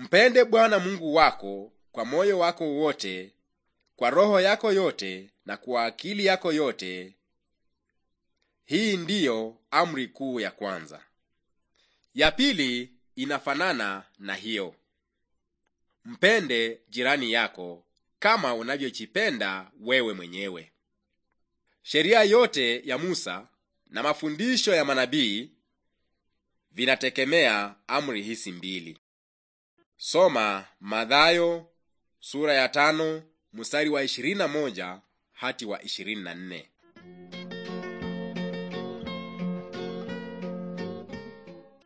Mpende Bwana Mungu wako kwa moyo wako wote, kwa roho yako yote na kwa akili yako yote. Hii ndiyo amri kuu ya kwanza. Ya pili inafanana na hiyo, mpende jirani yako kama unavyojipenda wewe mwenyewe. Sheria yote ya Musa na mafundisho ya manabii vinategemea amri hizi mbili. Soma Mathayo sura ya tano mstari wa ishirini na moja hati wa ishirini na nne